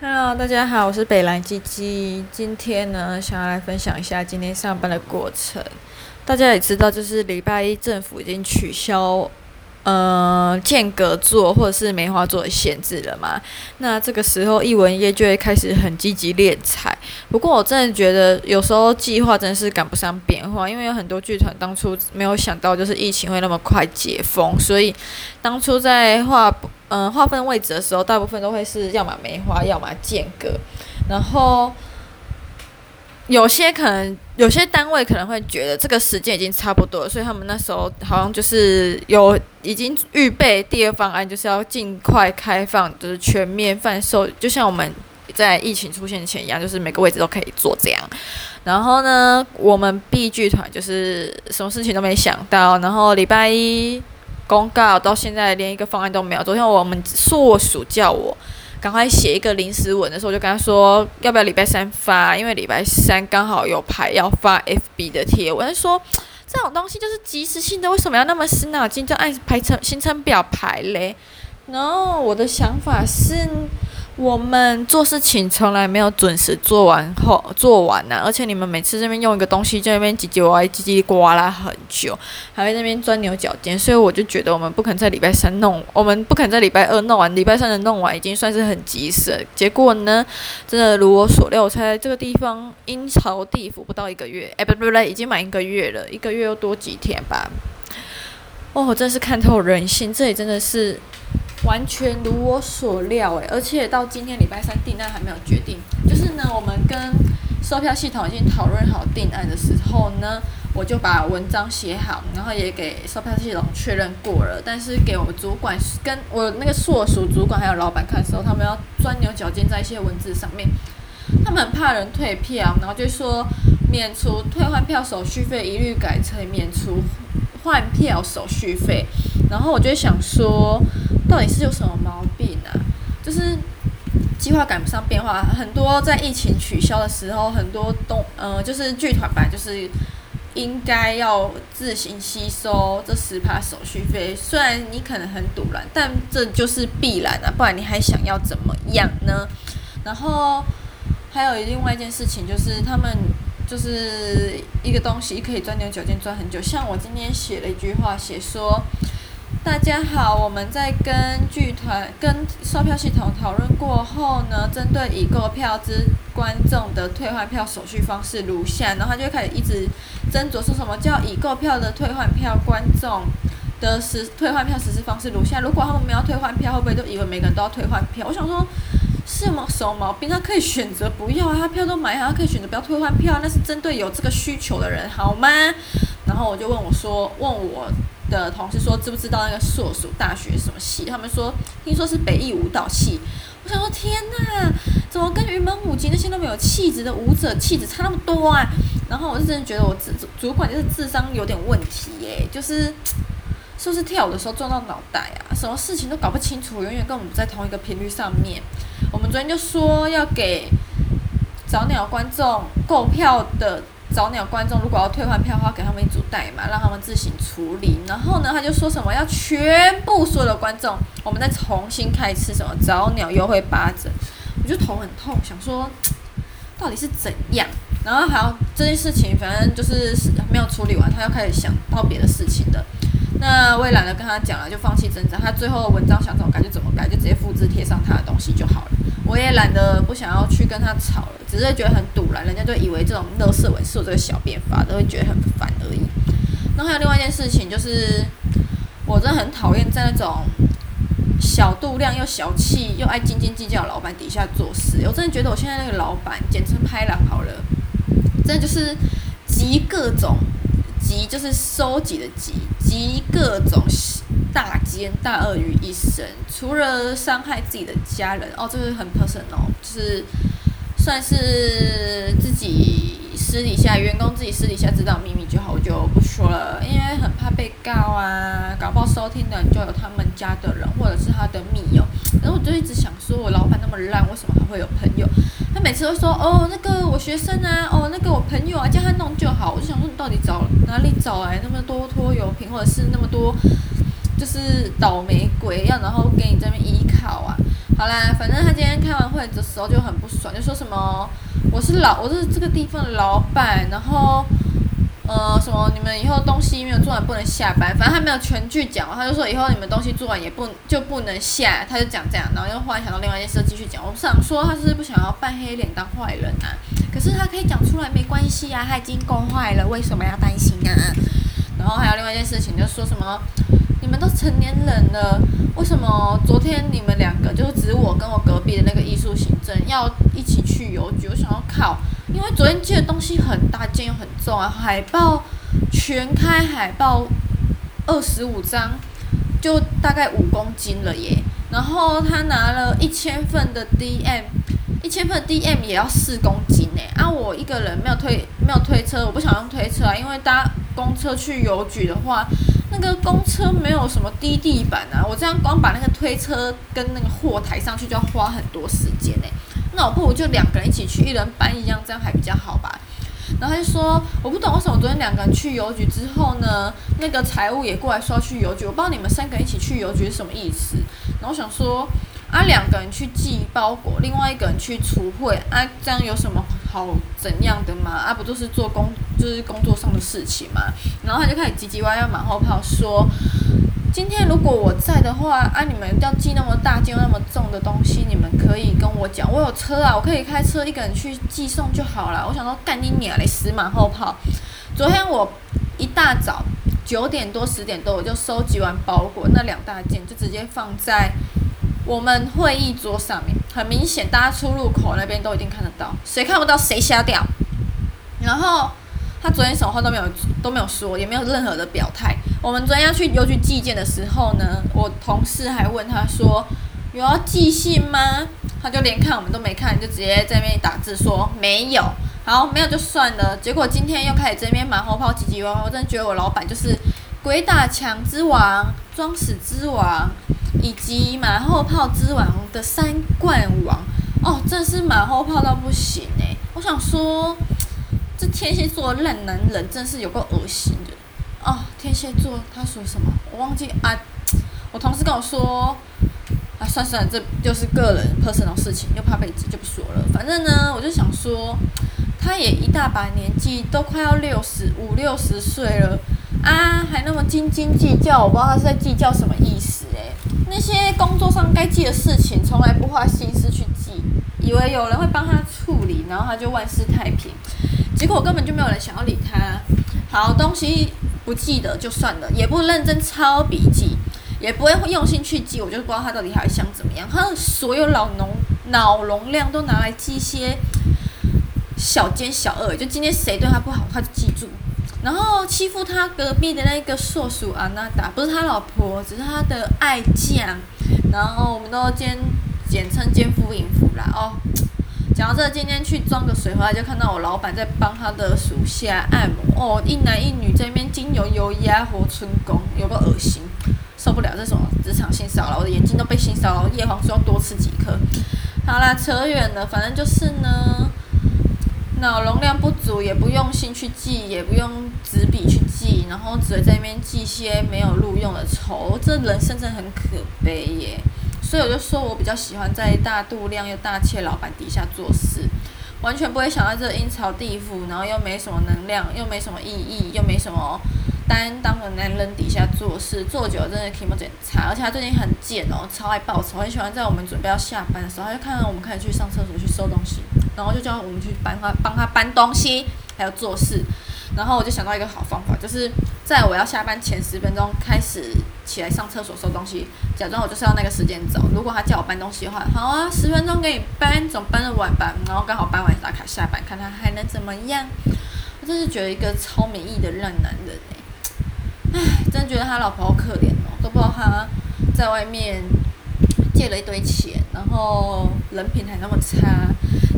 Hello，大家好，我是北蘭雞雞。今天呢，想要來分享一下今天上班的過程。大家也知道，就是禮拜一政府已經取消。呃、嗯，間隔座或者是梅花座的限制了嘛。那這個時候，藝文業就會開始很積極斂財。不過，我真的覺得有時候計劃真的是趕不上變化，因為有很多劇團當初沒有想到，就是疫情會那麼快解封，所以當初在劃嗯劃分位置的時候，大部分都會是要麼梅花，要麼間隔，然後。有些可能，有些單位可能會覺得這個時間已經差不多，所以他們那時候好像就是有已經預備第二方案，就是要儘快開放，就是全面販售，就像我們在疫情出現前一樣，就是每個位置都可以坐這樣。然後呢，我們 B 劇團就是什麼事情都沒想到，然後禮拜一公告到現在連一個方案都沒有。昨天我們碩鼠叫我。趕快寫一個臨時文的時候，就跟他說要不要禮拜三發，因為禮拜三剛好有排要發 FB 的貼。我就說，這種東西就是即時性的，為什麼要那麼死腦筋，就按排程、行程表排嘞？然後，我的想法是。我們做事情從來沒有準時做完後做完呢、啊，而且你們每次這邊用一個東西，就在那邊嘰嘰歪嘰嘰呱啦很久，還在那邊鑽牛角尖，所以我就覺得我們不肯在禮拜三弄，我們不肯在禮拜二弄完，禮拜三能弄完已經算是很及時。結果呢，真的如我所料，我猜這個地方陰曹地府不到一個月，誒、欸，不不嘞，已經滿一個月了，一個月又多幾天吧。哦，我真是看透人性，這也真的是。完全如我所料，誒，而且到今天禮拜三定案還沒有決定。就是呢，我們跟售票系統已經討論好定案的時候呢，我就把文章寫好，然後也給售票系統確認過了。但是給我們主管跟我那個所屬主管還有老闆看的時候，他們要鑽牛角尖在一些文字上面，他們很怕人退票，然後就說免除退換票手續費，一律改成免除換票手續費。然後我就想說。到底是有什麼毛病呢、啊？就是計劃趕不上變化，很多在疫情取消的時候，很多東，呃，就是劇團吧，就是應該要自行吸收這十趴手續費。雖然你可能很堵爛，但這就是必然啊。不然你還想要怎麼樣呢？然後還有另外一件事情，就是他們就是一個東西可以鑽牛角尖鑽很久，像我今天寫了一句話，寫說。大家好，我們在跟劇團、跟售票系統討論過後呢，針對已購票之觀眾的退換票手續方式如下，然後他就開始一直斟酌說什麼叫已購票的退換票觀眾的實退換票實施方式如下。如果他們沒有退換票，會不會都以為每個人都要退換票，我想說是毛什麼毛病。他可以選擇不要啊，他票都買好，他可以選擇不要退換票，那是針對有這個需求的人，好嗎？然後我就問我說問我。的同事說，知不知道那個碩鼠大學什麼系？他們說，聽說是北藝舞蹈系。我想說，天哪，怎麼跟雲門舞集那些都沒有氣質的舞者氣質差那麼多啊？然後我就真的覺得我主主管就是智商有點問題耶、欸，就是是不是跳舞的時候撞到腦袋啊？什麼事情都搞不清楚，永遠跟我們在同一個頻率上面。我們昨天就說要給早鳥觀眾購票的。找鳥觀眾如果要退換票的話，給他們一組代碼，讓他們自行處理。然後呢，他就說什麼要全部所有的觀眾，我們再重新開始什麼找鳥優惠八折。我就頭很痛，想說到底是怎樣。然後好，這件事情反正就是沒有處理完，他又開始想到別的事情的。那我也懶得跟他講了，就放棄掙扎。他最後的文章想怎麼改就怎麼改，就直接複製貼上他的東西就好了。我也懶得不想要去跟他吵了，只是覺得很堵了。人家就以為這種樂色文是我這個小編發，都會覺得很煩而已。那還有另外一件事情，就是我真的很討厭在那種小肚量又小氣又愛斤斤計較的老闆底下做事。我真的覺得我現在那個老闆簡直拍爛好了，真的就是集各種集就是收集的集集各種，大奸大惡於一身，除了傷害自己的家人哦，這個很 personal，就是算是自己私底下員工自己私底下知道秘密就好，我就不說了，因為很怕被告啊。搞不好收聽的人就有他們家的人，或者是他的密友。然後我就一直想說，我老板那麼爛，為什麼還會有朋友？他每次都說：“哦，那個我學生啊，哦，那個我朋友啊，叫他弄就好。”我就想說，你到底找哪裡找來那麼多拖油瓶，或者是那麼多？就是倒霉鬼要，然後給你這邊依靠啊。好啦，反正他今天開完會的時候就很不爽，就說什麼我是老我是這個地方的老闆，然後呃什麼你們以後東西沒有做完不能下班。反正他沒有全句講，他就說以後你們東西做完也不就不能下。他就講這樣，然後又忽然想到另外一件事繼續講。我想說他是不想要扮黑臉當壞人啊，可是他可以講出來沒關係啊，他已經夠壞了，為什麼要擔心啊？然後還有另外一件事情就說什麼。你們都成年人了，為什麼昨天你們兩個就是只我跟我隔壁的那個藝術行政要一起去郵局？我想要靠，因為昨天寄的東西很大件又很重啊，海報全開海報二十五張，就大概五公斤了耶。然後他拿了一千份的 DM，一千份 DM 也要四公斤呢。啊，我一個人沒有推沒有推車，我不想用推車啊，因為搭公車去郵局的話。那個公車沒有什麼低地板啊，我這樣光把那個推車跟那個貨抬上去就要花很多時間呢、欸。那我不如就兩個人一起去，一人搬一樣，這樣還比較好吧。然後他就說，我不懂為什麼我昨天兩個人去郵局之後呢，那個財務也過來說要去郵局，我不知道你們三個人一起去郵局是什麼意思？然後我想說，啊，兩個人去寄包裹，另外一個人去儲匯啊，這樣有什麼？好怎樣的嘛？啊，不就是做工，就是工作上的事情嘛。然後他就開始唧唧歪歪，馬後炮說，今天如果我在的話，啊，你們要寄那麼大件、那麼重的東西，你們可以跟我講，我有車啊，我可以開車一個人去寄送就好了。我想說，幹你娘嘞，死馬後炮。昨天我一大早九點多、十點多，我就收集完包裹，那兩大件就直接放在我們會議桌上面。很明顯，大家出入口那邊都一定看得到，誰看不到誰瞎掉。然後他昨天什麼話都沒有都沒有說，也沒有任何的表態。我們昨天要去郵局寄件的時候呢，我同事還問他說，有要寄信嗎？他就連看我們都沒看，就直接在那邊打字說沒有。好，沒有就算了。結果今天又開始在這邊馬後炮，唧唧歪歪，我真的覺得我老闆就是鬼打牆之王，裝死之王。以及馬後炮之王的三冠王哦，真是馬後炮到不行哎！我想說，這天蠍座的爛男人真是有夠惡心的哦，天蠍座他說什麼？我忘記啊。我同事跟我說，啊，算算，這就是個人 personal 事情，又怕被指，就不說了。反正呢，我就想說，他也一大把年紀，都快要六十五、六十歲了啊，還那麼斤斤計較，我不知道他是在計較什麼。那些工作上該記的事情，從來不花心思去記，以為有人會幫他處理，然後他就萬事太平。結果我根本就沒有人想要理他。好東西不記得就算了，也不認真抄筆記，也不會用心去記。我就是不知道他到底還想怎麼樣。他的所有老農腦農腦容量都拿來記一些小奸小惡，就今天誰對他不好，他就記住。然後欺負他隔壁的那個碩鼠阿娜達，不是他老婆，只是他的愛將。然後我們都兼簡稱奸夫淫婦啦哦。講到這，今天去裝個水回來，就看到我老板在幫他的屬下按摩哦，一男一女在那邊精油油壓活春宮，有個噁心，受不了這種職場性騷擾，我的眼睛都被性騷擾，葉黃素要多吃幾顆。好啦，扯遠了，反正就是呢。腦容量不足，也不用心去記，也不用紙筆去記，然後只會在那邊記些沒有路用的愁，這人生真的很可悲耶。所以我就說，我比較喜歡在大肚量又大氣的老闆底下做事，完全不會想到這陰曹地府，然後又沒什麼能量，又沒什麼意義，又沒什麼。擔當個男人底下做事，做久了真的體毛檢查。而且他最近很賤哦，超愛報仇，我很喜歡在我們準備要下班的時候，他就看到我們開始去上廁所去收東西，然後就叫我們去幫他幫他搬東西，還有做事。然後我就想到一個好方法，就是在我要下班前十分鐘開始起來上廁所收東西，假裝我就是要那個時間走。如果他叫我搬東西的話，好啊，十分鐘給你搬，總搬得完吧。然後剛好搬完打卡下班，看他還能怎麼樣。我真是覺得一個超沒義的爛男人，欸真覺得他老婆好可憐哦，都不知道他，在外面借了一堆錢，然後人品還那麼差，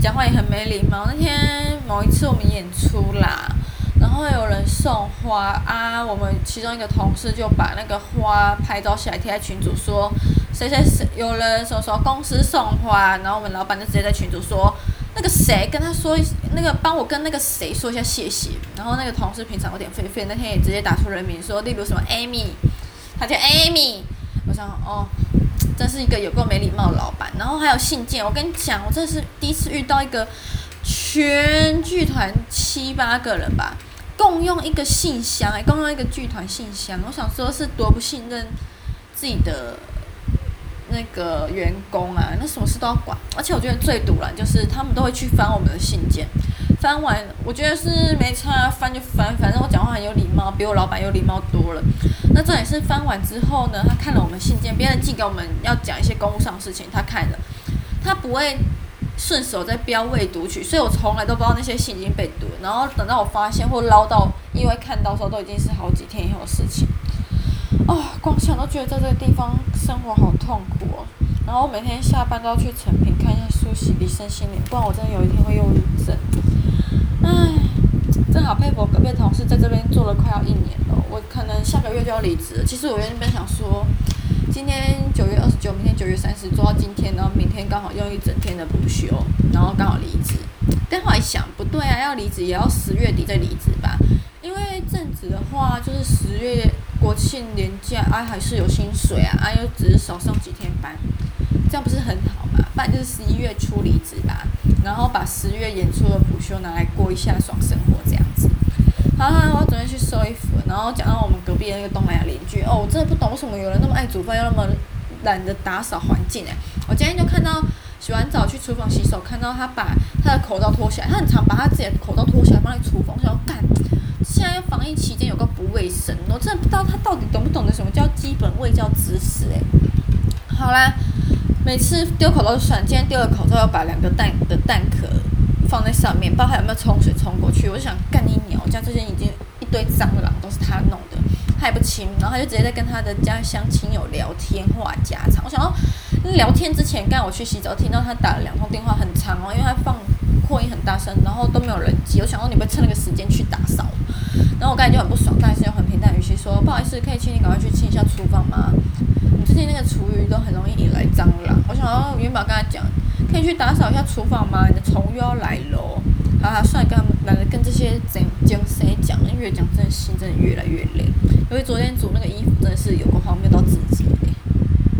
講話也很沒禮貌。那天某一次我們演出啦，然後有人送花啊，我們其中一個同事就把那個花拍照下來貼在群組說，誰誰誰有人說說公司送花，然後我們老板就直接在群組說。那個誰跟他說，那個幫我跟那個誰說一下謝謝。然後那個同事平常有點廢廢，那天也直接打出人名說，例如什麼 Amy，他叫 Amy。我想哦，這是一個有夠沒禮貌的老闆。然後還有信件，我跟你講，我這是第一次遇到一個全劇團七八個人吧，共用一個信箱，欸、共用一個劇團信箱。我想說是多不信任自己的那個員工啊，那什麼事都要管，而且我覺得最堵了，就是他們都會去翻我們的信件，翻完我覺得是沒差，翻就翻，反正我講話很有禮貌，比我老板有禮貌多了。那重點是翻完之後呢，他看了我們信件，別人寄給我們要講一些公務上的事情，他看了，他不會順手在標位讀取，所以我從來都不知道那些信已經被讀了，然後等到我發現或撈到，因為看到的時候都已經是好幾天以後的事情。哦，光想都覺得在這個地方生活好痛苦哦、啊。然後我每天下班都要去誠品看一下書籍，理順身心靈，不然我真的有一天會憂鬱症。唉，正好佩服我隔壁同事，在這邊做了快要一年了，我可能下個月就要離職了。其實我原本想說，今天九月二十九，明天九月三十，做到今天，然後明天剛好用一整天的補休，然後剛好離職。但後來想，不對啊，要離職也要十月底再離職吧，因為這樣子的話就是十月。國慶年假啊，還是有薪水啊，啊又只是少上幾天班，這樣不是很好嘛？不然就是十一月初離職吧，然後把十月演出的補休拿來過一下爽生活這樣子。好，好，好，我準備去收衣服。然後講到我們隔壁那個東南亞鄰居哦，我真的不懂為什麼有人那麼愛煮飯，又那麼懶得打掃環境誒、欸，我今天就看到洗完澡去廚房洗手，看到他把他的口罩脫下來，他很常把他自己的口罩脫下來放在廚房，然後幹。現在防疫期間有夠不衛生，我真的不知道他到底懂不懂得什麼叫基本衛教知識欸。好啦，每次丟口罩就算，今天丟了口罩，要把兩個蛋的蛋殼放在上面，不知道他有沒有沖水沖過去。我就想幹你鳥，我家之前已經一堆蟑螂都是他弄的，害不清。然後他就直接在跟他的家鄉親友聊天話家常。我想到聊天之前，剛我去洗澡，聽到他打了兩通電話，很長哦，因為他放擴音很大聲，然後都沒有人接。我想到你會趁那個時間去打。然後我感覺就很不爽，但是又很平淡語氣說：“不好意思，可以請你趕快去清一下廚房嗎？你最近那個廚餘都很容易引來蟑螂。我想要，元寶跟他講，可以去打掃一下廚房嗎？你的蟲又要來咯。好，哈、啊，算跟他們，懶得跟這些精精誰講，因為講真的心真的越來越累。因為昨天煮那個衣服真的是有個畫面到自己。”